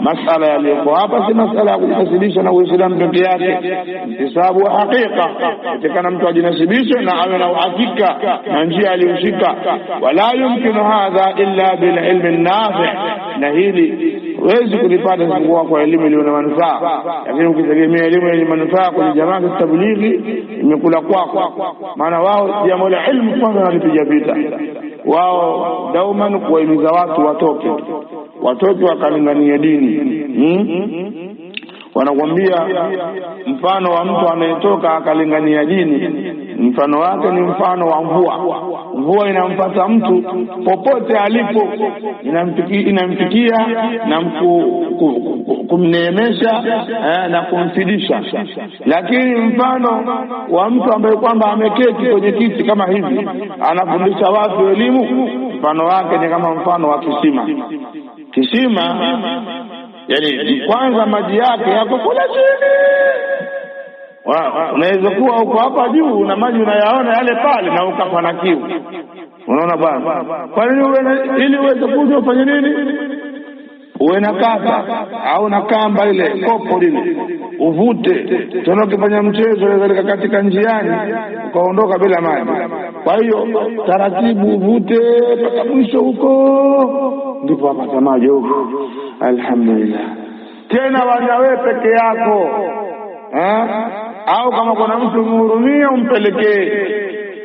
Masala yaliyoko hapa si masala ya kujinasibisha na Uislamu peke yake, intisabu wa haqiqa, itikana mtu ajinasibishe na awe na uhakika na njia aliyoshika. Wala yumkinu hadha illa bil nafi, na hili huwezi kulipata isipokuwa kwa elimu iliyo na manufaa. Lakini ukitegemea elimu yenye manufaa kwenye jamaa za tablighi, imekula kwako. Maana wao jambo la ilmu kwanza vita wao, dauman kuwahimiza watu watoke watoto wakalingania dini hmm? Wanakwambia mfano wa mtu anayetoka akalingania dini, mfano wake ni mfano wa mvua. Mvua inampata mtu popote alipo, inamfikia na kumneemesha eh, na kumfidisha. Lakini mfano wa mtu ambaye kwamba ameketi kwenye kiti kama hivi, anafundisha watu elimu, mfano wake ni kama mfano wa kisima kisima yani kwanza maji yake yako kule chini, unaweza kuwa uko hapa juu na maji unayaona yale pale, na ukafa na kiu. Unaona bwana, kwa nini ili uweze kuja ufanye nini? Uwe na kamba au na kamba ile kopo lile uvute, tena ukifanya mchezo katika katika njiani ukaondoka bila maji. Kwa hiyo taratibu uvute mpaka mwisho huko ndipo hapa tamaa jogo. Alhamdulillah, tena waja wewe peke yako au kama kuna mtu mhurumia umpelekee.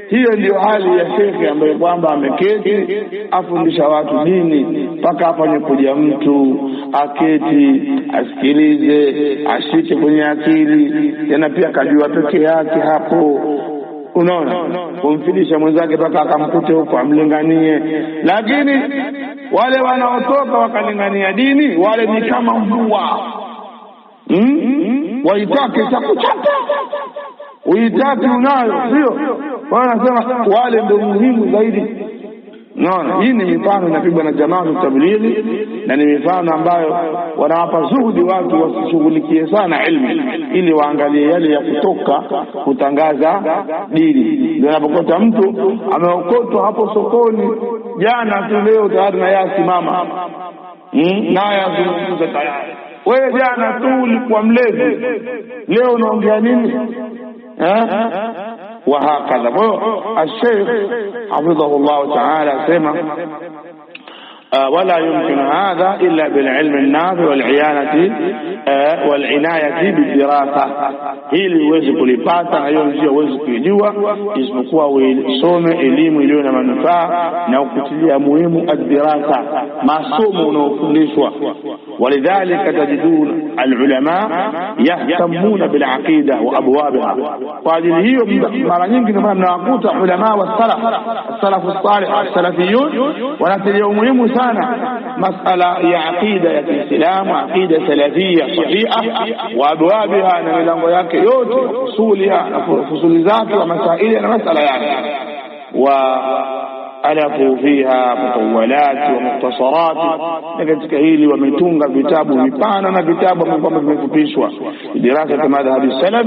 Hiyo ndio hali ya shekhe ambaye kwamba ameketi afundisha watu dini mpaka afanye kuja mtu aketi asikilize ashike kwenye akili, tena pia akajua peke yake hapo Unaona, kumfidisha mwenzake mpaka akamkute huko amlinganie, lakini wale wanaotoka wakalingania dini wale ni kama mvua hmm? waitake chakuchata uitake unayo, sio wanasema wale ndio muhimu zaidi. Naona hii ni mifano inapigwa na jamaatu tablighi, na ni mifano ambayo wanawapa zuhudi watu wasishughulikie sana ilmu, ili waangalie yale ya kutoka kutangaza dini. Ndio anapokota mtu ameokotwa hapo sokoni jana tu, leo tayari na yeye hmm? naye azungumza tayari. Wewe jana tu ulikuwa mlezi, leo unaongea nini? Wahakadha. Kwa hiyo Asheikh hafidhahu taala asema ولا يمكن هذا إلا بالعلم النافع والعيانة والعناية بالدراسة ili uweze kulipata hayo njia uweze kuijua isipokuwa uisome elimu iliyo na manufaa na ukutilia muhimu adirasa masomo unaofundishwa ولذلك تجدون العلماء يهتمون بالعقيدة وأبوابها وهذه هي مرة يمكن أن نقول علماء والسلف السلف الصالح السلفيون ولكن اليوم مهم سانة مسألة هي عقيدة الإسلام وعقيدة سلفية صحيحة وأبوابها نملنغو yake yote فصولها فصول ذاتها ومسائلها مسألة يعني و alafu fiha mutawalati wa mukhtasarati, na katika hili wametunga vitabu vipana na vitabu ambavyo kwamba vimefupishwa, bidirasa ya madhhabi salaf.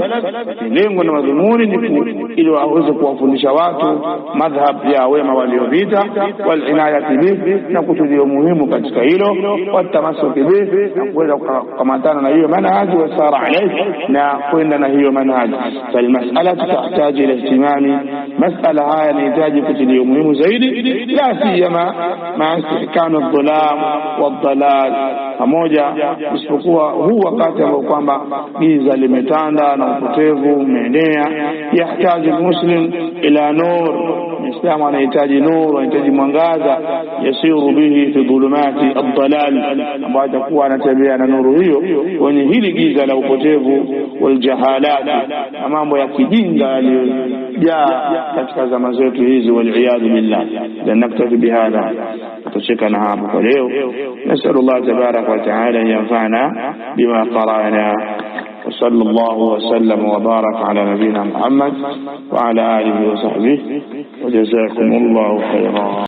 Lengo na madhumuni ni ili waweze kuwafundisha watu madhhab ya wema waliopita, walinayati bih, na kuchudia muhimu katika hilo, watamasuki bih, na kuweza kukamatana na hiyo manhaji, wasara alaih, na kwenda na hiyo manhaji. Falmasalatu tahtaji ila ihtimami, masala haya yanahitaji kuchudia muhimu zaidi la siyama maa dhulam dhalam wadhalal, pamoja isipokuwa huu wakati ambao kwamba giza limetanda na upotevu umeenea. Yahtaji muslim ila nur, islam anahitaji nuru, anahitaji mwangaza. Yasiru bihi fi dhulumati ad-dalal, ambayo atakuwa anatembea na nuru hiyo kwenye hili giza la upotevu waljahalati na mambo ya kijinga yaliyo yaliyojaa katika zama zetu hizi, waliyadhu billah. Lanaktafi bihadha, tutosheka na hapo kwa leo. Nasalullah tabaraka wa taala an yanfana bima qara'na وصلى الله وسلم وبارك على نبينا محمد وعلى آله وصحبه وجزاكم الله خيرا